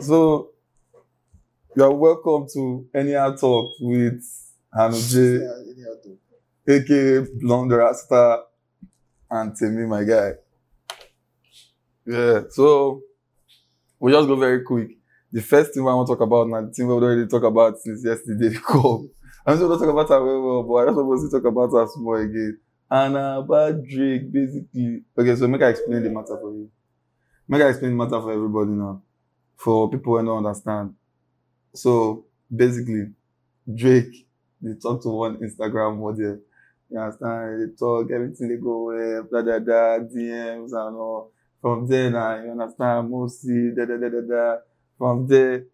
So you are welcome to Anyhow Talk with Anuj, aka Blonde Rasta, and Temi, my guy. Yeah, so we'll just go very quick. The first thing I want to talk about now, the thing we've already talked about since yesterday, call. I'm sure we'll talk about her very well, but I just supposed to talk about her more again. And about Drake, basically. Okay, so make I explain the matter for you. Make I explain the matter for everybody now for people who don't understand. So basically, Drake, they talk to one Instagram model. You understand? They talk, everything they go away, eh, blah, blah, blah, DMs and all. From there now, you understand, mostly, da, da, da, da, da. From there,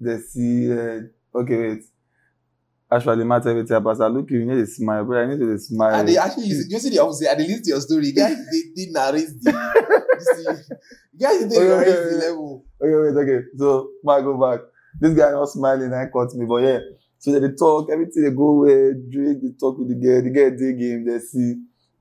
they see, uh, okay, wait. actually matter everything about I look you, need to smile, bro. I need to smile. And they actually, you see the opposite. And they listen to your story. Guys, they, they narrate the, the Guys, they okay, okay, okay. level. Okay, wait, okay. So, back, go back. This guy not smiling, I caught me, but yeah. So they talk, everything they go away, Drake, they talk with the girl, the girl dig him, they see.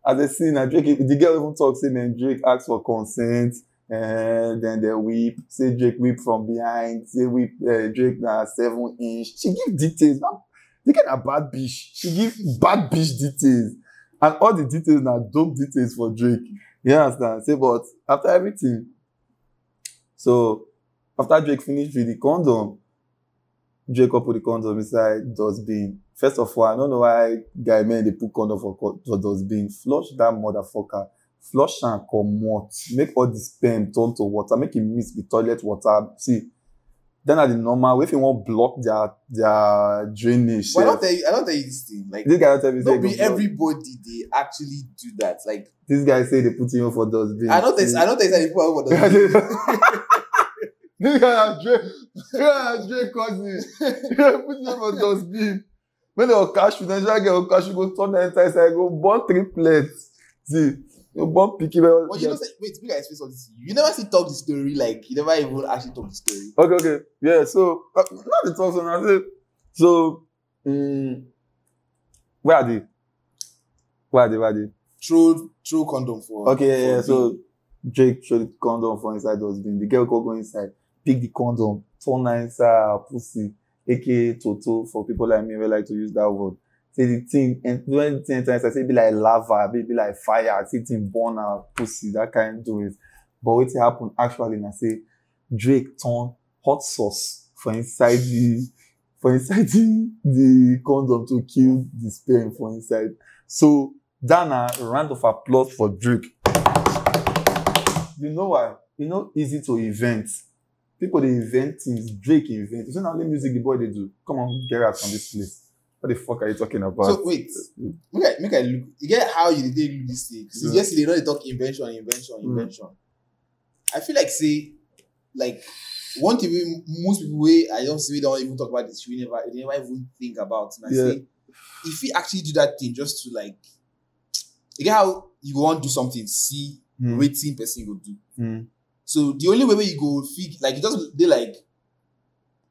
As they see now, Drake, the girl even talks him, and Drake asks for consent, and eh, then they weep, say Drake weep from behind, say weep, uh, eh, Drake now seven inch. She give details, now. they get a bad bitch. She give bad bitch details. And all the details now, dope details for Drake. You understand? Say, but after everything, So after Drake finished with the condom, Drake put the condom inside dustbin. First of all, I don't know why guy men they put condom for, for dustbin. Flush that motherfucker. Flush and come out. Make all the sperm turn to water. Make it mix with toilet water. See, then at the normal, if you want block their their drainage. Well, I don't tell you. I don't tell you this thing. Like this guy don't tell me. Don't be everybody. They actually do that. Like this guy say they put him for dustbin. I don't think. I don't think that they put him for dustbin. nigga na drain nigga na drain cousin put him for dustbin make dem okashu nigerian girl okashu go turn enter inside go born triplet see you born pikin but you know wait make i explain something to you never see talk the story like you never even actually talk the story. okay okay yeah so uh, now the talk so na say so um, where i dey where i dey where i dey. true throw condom for. okay yeah, yeah. so jake showed the condom for inside those dustbin the girl come go inside pick the condom, turn nicer pussy, aka toto for people like me who like to use that word. Say the thing, and when the thing enters, I say be like lava, be, be like fire, I say thing burn out pussy, that kind of do it. But what happened actually, and I say Drake turn hot sauce for inside the for inside the, the condom to kill the sperm for inside. So Dana round of applause for Drake. You know why? You know easy to invent. People they invent things. Drake invent. It's not only music the boy they do. Come on, get out from this place. What the fuck are you talking about? So wait, make I make I look. You get how you did this thing? So yeah. yesterday, they talk invention, invention, mm. invention. Mm. I feel like say, like one TV most people way I don't see don't even talk about this. We never, they never even think about. And I yeah. say, if we actually do that thing just to like, you get how you want to do something, see mm. waiting person will do. Mm. So the only way you go fig like it just they like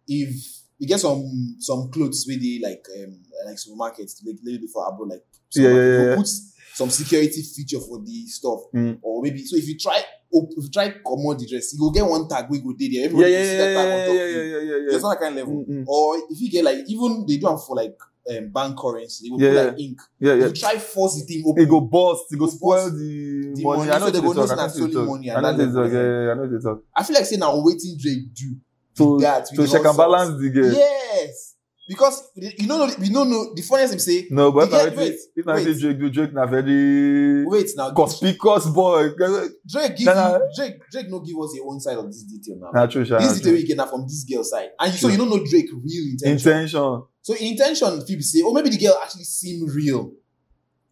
if you get some some clothes where like um like supermarkets like little before abroad like yeah, yeah, yeah. put some security feature for the stuff mm. or maybe so if you try if you try commodity dress you go get one tag we go dey there everybody yeah, yeah, see that tag on top yeah, yeah, yeah, yeah, yeah. there's not that kind of level mm-hmm. or if you get like even they do am for like um, bank currency. They will yeah, put like ink. Yeah, yeah. You try force the thing open. It go burst. It go spoil the, the money. money. I know so they go know na money. I know they talk. Yeah, yeah, I know they talk. I feel like saying now waiting Drake do to that. To check and balance the game. Yes. Because you know, we don't know the funniest thing say. No, but if, wait, if wait, Drake do Drake na very wait now because boy. Drake give nah, you, Drake Drake no give us the one side of this detail now. Nah, true, this nah, detail we get na from this girl side, and so you don't know Drake real intention. Intention. So intention fit be say, oh maybe the girl actually seem real.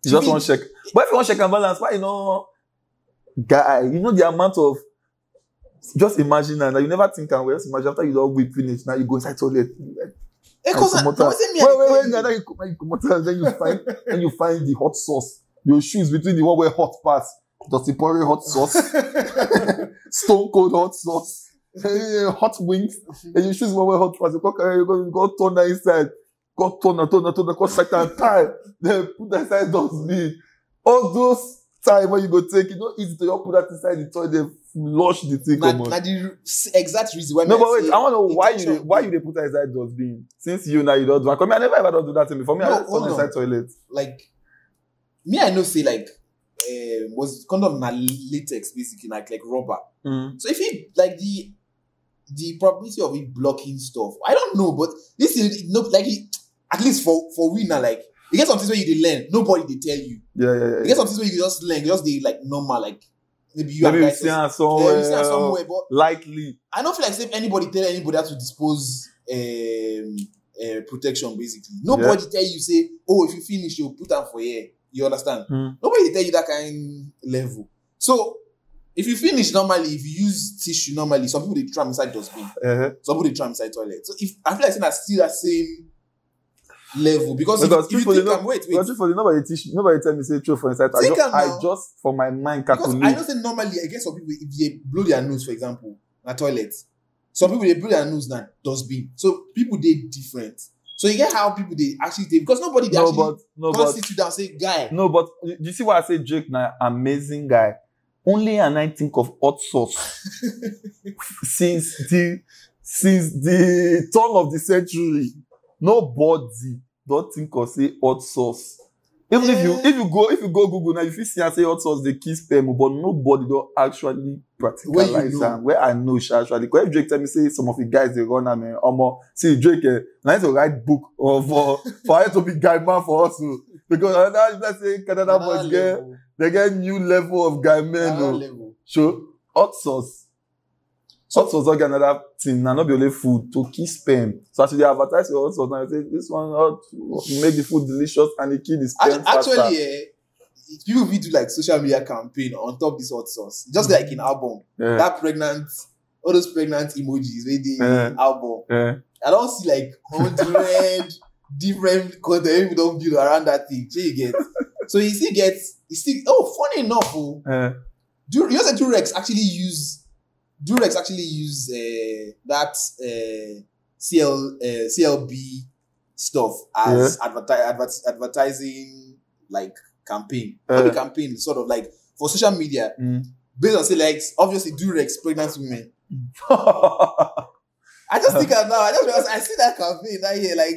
You just want to check. But if you want to check and balance, why you know guy, you know the amount of just imagine now. You never think and well, just imagine after you don't be finished. now you go inside toilet. Eh, wait, wait, wait, then you find then you find the hot sauce. Your shoes between the one where hot parts, the Pori hot sauce, stone cold hot sauce, eh, hot wings, and your shoes one where hot parts. You go, you go, you go turn that inside. God turned and turned and turned because certain time then put that inside those dustbin. All those time when you go take It's not easy to just put that inside the toilet, flush the thing. Na na the exact reason why. No, but wait, I want to know why you why you they put that inside those dustbin since you now you don't do that. am. Me, I never ever don do that thing before. Me, no, I just turn inside toilet. Like me, I know say like um, eh, was condom na latex basically like like rubber. Mm. So if it like the the probability of it blocking stuff, I don't know, but this is no like it at least for for we now, like you get something where you learn, nobody they tell you. Yeah, yeah, yeah. You get something where you just learn, just the like normal, like maybe you maybe have see her somewhere, yeah, see somewhere, but lightly. I don't feel like if anybody tell anybody how to dispose um, uh, protection basically. Nobody yeah. tell you say, oh, if you finish, you put them for here. You understand? Mm. Nobody tell you that kind level. So if you finish normally, if you use tissue normally, some people they try inside dustbin, uh-huh. some people they try inside toilet. So if I feel like saying I see that same level because, because if, if you think I'm wait, wait. Truthfully, nobody teach nobody tell me say true for instance. I just, I just for my mind Because I don't say normally I guess some people if they blow their nose for example na toilet some people they blow their nose na dustbin so people dey different so you get how people dey actually dey because nobody dey no, actually but, no, come sit you down say guy. no but you see why I say Drake na amazing guy only and I think of hot sauce since the since the turn of the century nobody don think of say hot sauce even if you if you go if you go google now you fit see am say hot sauce dey kill sperm but nobody don actually practicalize am where i know sha actually because if drake tell me say some of the guys dey run am eh omo see drake eh na him to write book or for for how to be guy man for us o oh. because another let's say canada boys get they get new level of guy men o oh. so hot sauce Shots was like another thing, and not be only food to kill sperm. So as you advertise your hot sauce, now you say this one hot make the food delicious and it e kill the sperm Actually, eh, People will do like social media campaign on top this hot sauce, just like in album. Yeah. That pregnant, all those pregnant emojis, with the yeah. album. Yeah. I don't see like hundred different content people don't build around that thing. So you get. So he still get. He still. Oh, funny enough, oh, yeah. do you know that Durex actually use Durex actually use uh, that uh, CL, uh, CLB stuff as yeah. adverti- adver- advertising like campaign, uh. campaign sort of like for social media. Mm. Based on say obviously Durex pregnant women. I just think now. I just realized, I see that campaign that year like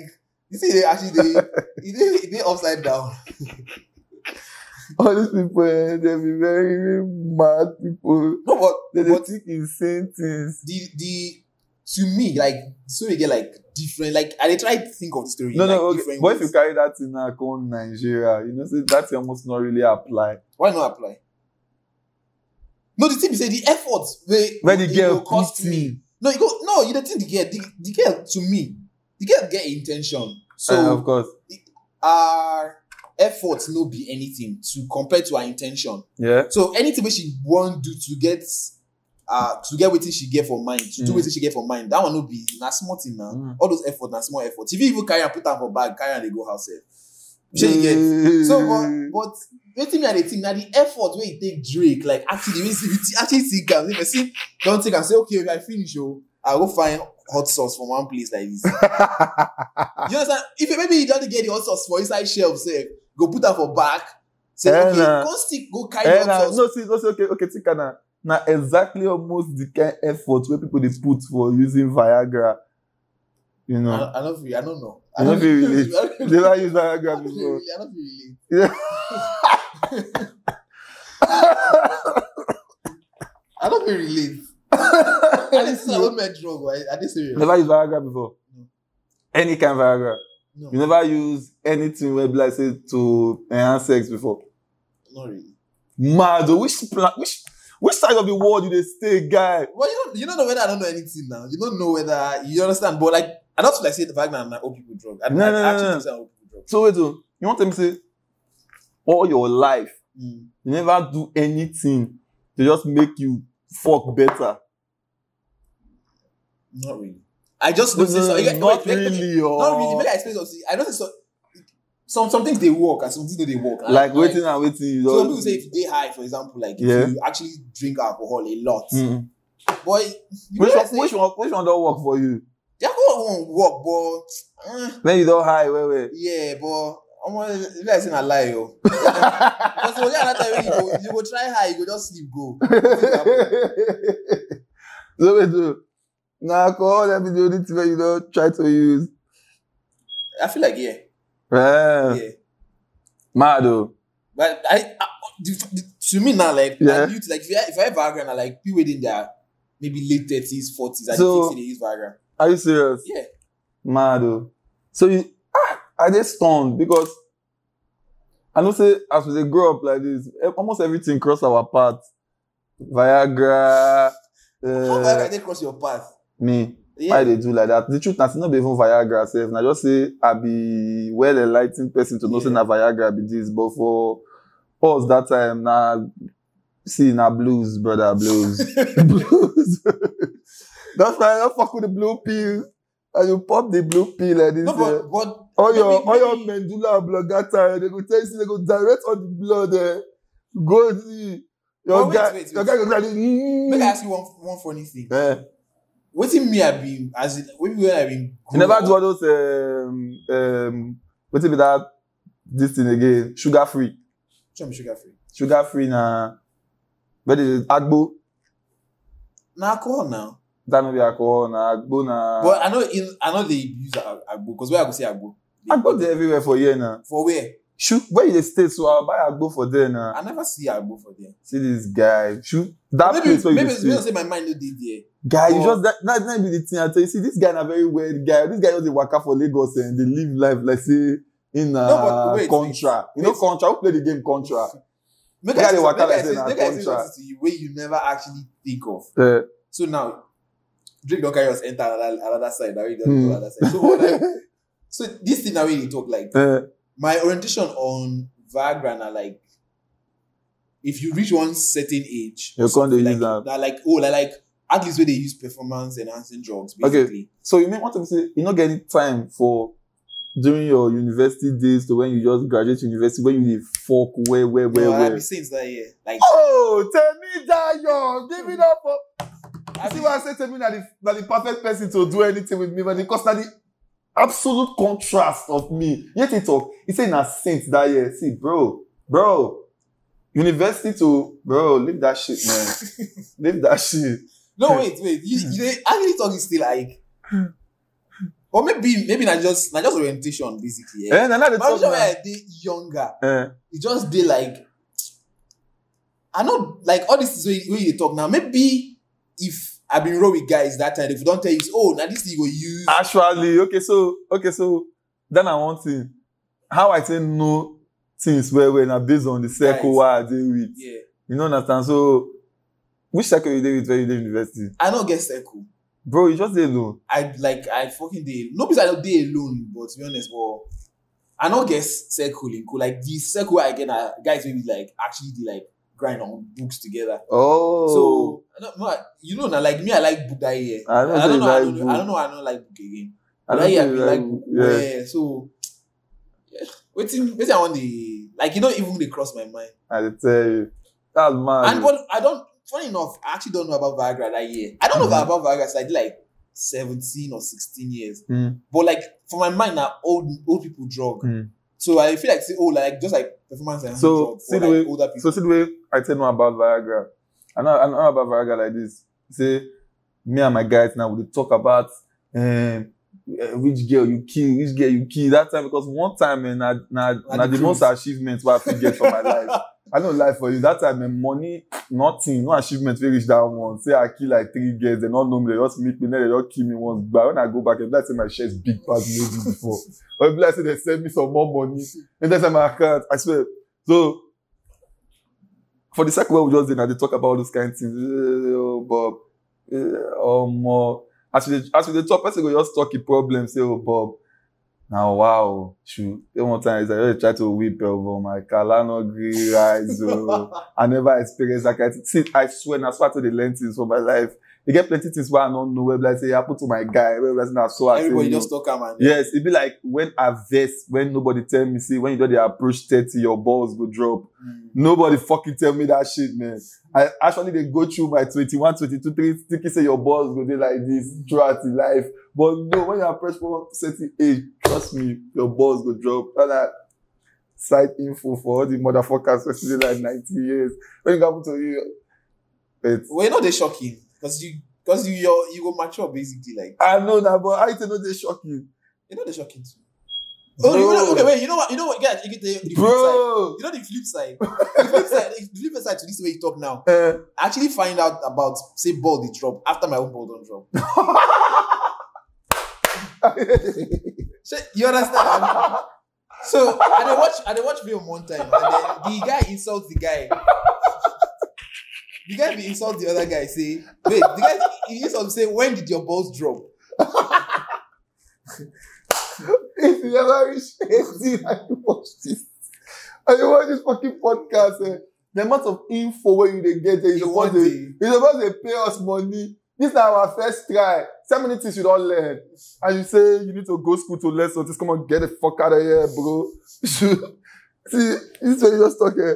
you see they actually they they, they upside down. All these people, eh, they be very mad people. No, but they, but think insane things. The the to me like so you get like different like I they try to think of the story. No, in, no, like, okay. But ways. if you carry that in like own Nigeria, you know, so that's almost not really apply. Why not apply? No, the thing is, say the effort they when the girl cost me. No, you go no, you don't think the girl the, the girl to me the girl get intention. So uh, of course, our effort no be anything to compare to our intention. Yeah. So anything which she won't do to get uh, to get wetin she get for mind to mm. do wetin she get for mind that one no be na small thing na mm. all those effort na small effort if you even carry am put am for bag carry am dey go house sef eh. shey you get so but mm. but wetin me i dey think na the effort wey e take drake like actually wey see actually think am if person don take am say okay if i finish o oh, i go find hot sauce from one place like this you understand if maybe you don dey get the hot sauce for inside shelf sef go put am for bag say eh, okay go stick go carry eh, hot sauce. no see no see okay okay think am na na exactly almost the kind effort wey people dey put for using viagra you know i, I no fit i no know i no fit relate you never use viagra before i no fit relate i no fit relate i dey say i no make drug i dey serious never use viagra before no. any kind viagra no. you never use anything wey be like say to enhance sex before not really mad o which plan which Which side of the world do they stay, guy? Well, you don't you don't know whether I don't know anything now. You don't know whether you understand, but like I not like say the fact that I'm not old people drug. I, no, I, no, actually no. say old people drug. So wait, so you want to say all your life mm. you never do anything to just make you fuck better. Not really. I just noticed. No, no, so, not, wait, really, wait, or... not really. Oh. Maybe I explain something. I noticed. So, some some things they work and some things they work. Like, like waiting like, and waiting. So some people say if they high, for example, like yeah. you actually drink alcohol a lot, mm. boy, which one, say, which one which one don't work for you? The alcohol won't work, but uh, when you don't high, wait, wait. Yeah, but ọmọ ilé ẹsìn na lie o oh. because for that time you go you go try high you go just sleep go. so wait o na alcohol na be the only thing wey you don try to use. i feel like yeah. Yeah. yeah. Mad though. But I, I to me now, like yeah. I like if I, if I have Viagra, I like people in their maybe late thirties, forties, I so, think they use Viagra. Are you serious? Yeah. Mad So you, ah, I just stunned because I know say as we grow up like this, e, almost everything cross our path. Viagra. Uh, How Viagra eh, did cross your path? Me why they do like that the truth is, say no even viagra sef na just say i be well enlightened person to know say na viagra be this but for us that time na see na blues brother blues blues that's why i don fuck with the blue pills. and you pop the blue pill and it's No, but, eh. but all maybe, your mandula blood. medulla oblongata eh, they go tell you they go direct all the blood eh go see your guy your guy go tell you. make i ask you one one funny thing. Yeah wetin me i been as in maybe when i been you never do all those um, um, wetin be that this thing again sugar free which one be sugar free sugar free na where dey agbo na alcohol now that no be alcohol na agbo na but i no i no dey use agbo because where i go see agbo agbo dey everywhere for here na for where Shoot, where you stay? So I'll buy Agbo for there now. I never see Agbo for there. See this guy. Shoot, that maybe, place where maybe, you stay. Maybe say my mind no did there. Guy, but, you just that that might be the thing I tell you. See, this guy a very weird guy. This guy just a worker for Lagos and they live life Let's say in a no, but uh, wait, contra. Wait, you know wait. contra. Who play the game contra? Make guy dey waka like say na contra. Way you never actually think of. Uh, so now, Drake don't carry us enter another another side. Now we don't go hmm. another side. So like, so this thing na wey talk like. Uh, my orientation on Viagra are like if you reach one certain age, you can't do like, that. They're like, oh, they're like at least where they use performance enhancing drugs, basically. Okay. So you may want to say you're not getting time for during your university days to when you just graduate university, when you fuck where where where where. I've since that year. Like Oh, tell me that you're giving up. For... You see what I said tell me that the, that the perfect person to do anything with me, but because that the absolute contrast of me yet he talk he say na saint that year see bro bro university to bro leave that shit man leave that shit. no wait wait you, you dey actually talk is still like or maybe maybe na just na just orientation basically. Yeah, Eh, na the dey talk na i dey younger eh. e just dey like i no like all this things wey you talk now maybe if I've been roll with guys that time if you don't tell you oh now this thing you use. actually okay so okay so then I want to. how i say no, things where well na based on the circle right. wey i dey with yeah. you no understand so which circle you deal with when you dey university. i no get circle. bro you just deal alone. i like i fucking deal. no because i no dey alone but to be honest but i no get circle in co like the circle i get guys maybe like actually dey like grind on books together. Oh. So I don't, no, you know, now like me, I like book that year. I, don't, I don't know. I, don't, book. I don't know. I don't like book again. I don't year, like, like book. Yeah. yeah. So yeah. waiting, waiting. I want the like. You don't even they cross my mind. I tell you, that's mad. And what I don't. Funny enough, I actually don't know about Viagra that year. I don't mm-hmm. know about Viagra. So I did like 17 or 16 years. Mm. But like for my mind, now old old people drug. Mm. So I feel like see, oh like just like performance and so, see the like way, older people. So see the way I tell you about Viagra. I know I know about Viagra like this. Say me and my guys now we talk about um, uh, which girl you kill, which girl you kill that time because one time eh, and na na na the most achievement wey I fit get for my life. I don't lie for you that time eh, money nothing no achievement fit reach that one say i kill like three girls They no know me They just meet me then dem just kill me once But when i go back dem be like say my chest big pass maybe before or be like say dem send me some more money and then that's my account i swear so for the second wey we just dey na dey talk about those kind of things eh, oh bob omo um, uh, as we dey as we talk person go just talk e problem say oh bob Now, wow, shoot. Even one time, I just try to weep over oh, my Kalano green eyes. Oh. I never experienced that kind of thing. I swear, I swear to the lenses for my life. They get plenty things where I don't know. Where I say put to my guy. Where like now so everybody just talk him. And, yes, it be like when I vest, when nobody tell me see when you do the approach thirty your balls go drop. Mm. Nobody fucking tell me that shit, man. I actually they go through my 21, 22, 3 sticky say your balls go there like this throughout the life. But no, when you approach for age, trust me, your balls go drop. And I, side info for all the motherfuckers who like 90 years. When it happens to you, it's. Well, you know, they shocking. Because you because you you're, you go mature basically like I know that, but I don't know they shock you. You know they shock you too. Bro. Oh, you know, okay, wait. You know what? You know what? Guys, you the, the Bro. flip side. You know the flip side. the flip side. The flip side to this way you talk now. Uh, I actually find out about say ball the drop after my own ball don't drop. you understand? so I did watch I did watch film one time, and then the guy insults the guy the guy be insult the other guy say wait the guy he insult say when did your balls drop. if you ever reach eighteen and you watch this and you watch this fucking podcast eh the amount of info wey you dey get eh, you suppose dey you suppose dey pay us money this na our first try so many things you don learn and you say you need to go school to learn something come on get the fuck out of here bro see this is where you just talk eh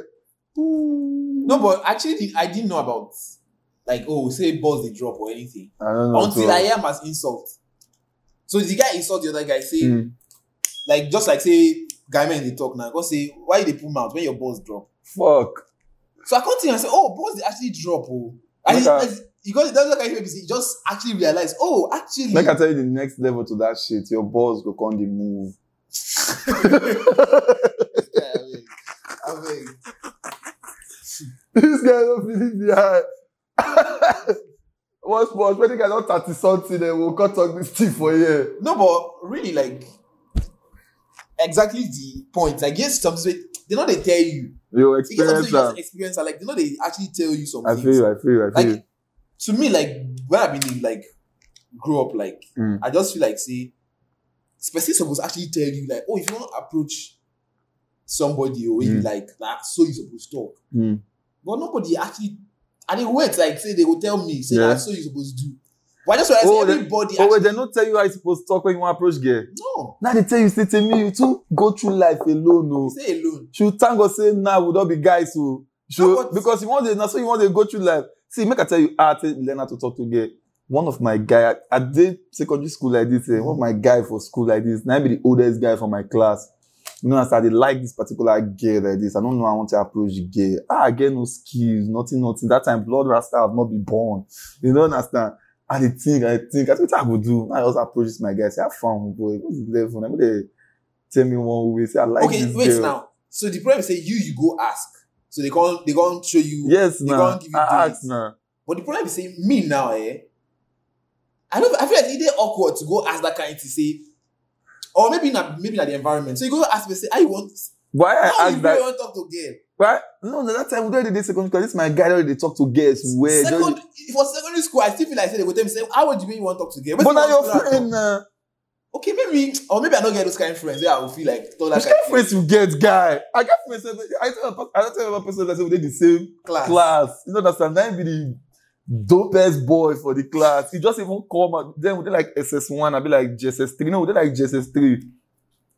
Ooh. No, but actually, I didn't know about like oh say balls they drop or anything. I don't know until so. I am as insult. So the guy insult the other guy say mm. like just like say guy man they talk now. Go say why they pull mouth when your balls drop. Fuck. So I continue and say oh balls they actually drop oh. Uh, because it doesn't look like you just actually realize oh actually. Like I tell you the next level to that shit your balls go on the move. yeah, I mean, I mean. this guy don't finish the eye. What's more, when the guy not 30 something, then we'll cut off this thing for you. No, but really, like, exactly the point. I guess some they know they tell you. You experience that. Ah. Experience Like, they know they actually tell you something. I feel you, I feel you, I feel like, you. To me, like, when I've been like, grow up, like, mm. I just feel like, see, specifics was actually tell you, like, oh, if you want to approach somebody or mm. like that. So you supposed to talk. Mm. But nobody actually and it wait like say they will tell me, say yeah. that's so you supposed to do. But that's why oh, everybody they, Oh, wait, they don't tell you how you supposed to talk when you want approach girl. No. Now they tell you, say to me, you too go through life alone. Oh. Say alone. Should thank God say now nah, would not be guys who oh. should, no, because you want to now so you want to go through life. See, make I tell you, I tell learn how to talk to girl. One of my guy, I, I secondary school like this. Eh? One of my guy for school like this. Now I be the oldest guy for my class you know, as I like this particular girl like this, I don't know how I want to approach the girl. Ah, I get no skills, nothing, nothing. That time, blood rasta have not been born. You don't understand. I did think, I think, I think I would do. I also approach this my guy, say, I found boy, what's the level? I'm gonna tell me one way, say, I like okay, this wait girl. now. So the problem is, say, you, you go ask. So they can't, they can't show you. Yes, they now. can't give you I ask now. But the problem is, say, me now, eh? I don't, I feel like it's e awkward to go ask that kind to say, or maybe not maybe not the environment. So you go ask me, say, I want why I no, ask that? want to talk to girl. Why? No, no, that time we don't really did secondary school. This my guy already talk to girls. Where Second, just... for secondary school, I still feel like I they go tell me say, how would you mean you want to talk to girls? But now your friend. okay, maybe or maybe I don't get those kind of friends. Yeah, I will feel like all that. Which kind of friends you get, guy? I get myself. I tell a person, I tell a person that they the same class. Class. You know that's sometimes be the dopest boy for the class. He just even come out. Then we like SS1? I'd be like ss 3 No, would they like ss 3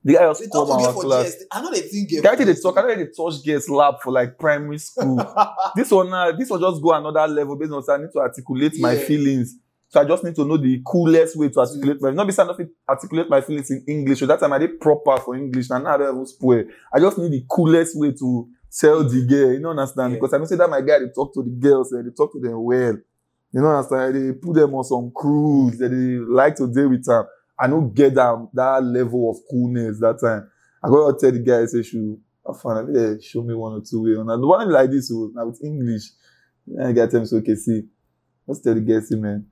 The guy also come out class. GST. I know they think the guy they talk. I know they touch girls lab for like primary school. this one, uh, this one just go another level based on so I need to articulate yeah. my feelings. So I just need to know the coolest way to mm. articulate mm. my not be stand up articulate my feelings in English. So that time I did proper for English and now I don't even spoil. I just need the coolest way to sell the girl. You know understand? Yeah. Because I know say that my guy they talk to the girls and eh, they talk to them well. You know understand? They put them on some cruise that eh, they like to deal with them. I don't get that that level of coolness that time. I go tell the guy, I say, shoot, I found eh, show me one or two way. And the one like this was oh, now with English. And the guy tell so okay, see, let's tell the girl see, man,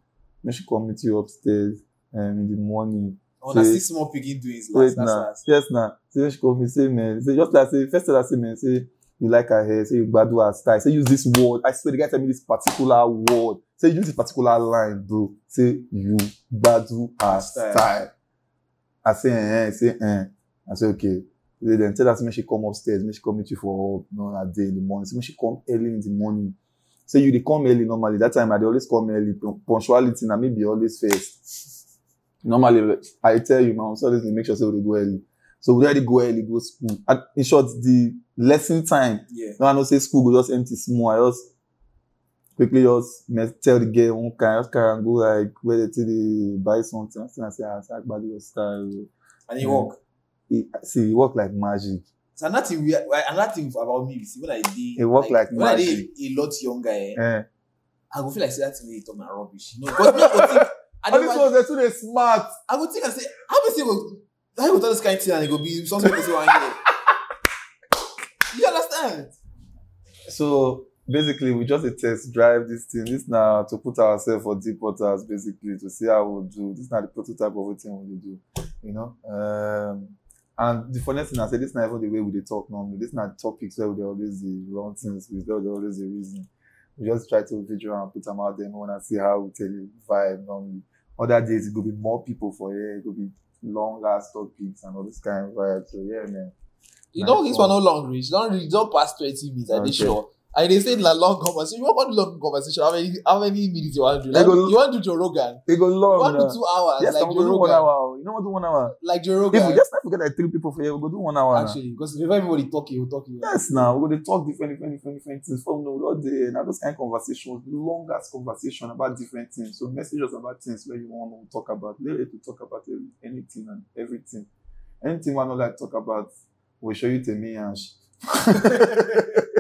make she come meet you upstairs um, in the morning. Oh, say, na see small piggy doings last, last, last. Yes, nah. Say, she come me, say, man. Say, just like, say, first tell her, say, man, say, you like her hair say you gbadun her style say use this word i swear the guy tell me this particular word say use this particular line bro say you badu her style. style i say eh eh say eh i say okay say dem tell us say make she come upstairs make she come meet you for up you know na day in the morning say make she come early in the morning say you dey come early normally that time i dey always come early punctuality na me be always first normally i tell you my uncle always make sure say we dey go early so we already go early go school and in short the lesson time yeah. no i know say school go just empty small i just quickly just tell the girl one kind just carry and go like where they take dey buy something and i say I start agbadi your style and e work. e see e work like magic. so another thing another thing about me see when i did, e work like, like when magic when i dey a lot younger eh. Yeah. i go feel like say that thing wey you talk rubbish No, but me go think. all these ones dey too dey smart. i would think I say how many people go how you go tell this kind thing and it go be something wey say wan hear that? So basically, we just a test drive this thing. This now to put ourselves for deep waters, basically, to see how we do. This now the prototype of everything we do, you know. Um, and the funniest thing I said, this not even the way we talk normally. This not topics where we always the wrong things, we there always the reason. We just try to visual and put them out there and want see how we tell the vibe normally. Other days it could be more people for here, it could be long ass topics and all this kind of vibe. So yeah, man. You know, this one no long reach. Don't reach, don't pass 20 minutes, okay. sure. I they say na long conversation. you wan do long conversation, how many how many minutes you wan do? Like, go, you wan do Joe Rogan? They go long. You wan do two hours? Yes, like Joe Rogan. One hour. You know what do one hour? Like Joe Rogan. If we just not forget like three people for here, we go do one hour. Actually, because if everybody talk, you talk. Here. Yes, now we go dey talk different, different, different, different things. From now, all the now those kind of conversations, long conversation about different things. So message us about things where you want to talk about. Let to talk about anything and everything. Anything I no like talk about we'll show you me and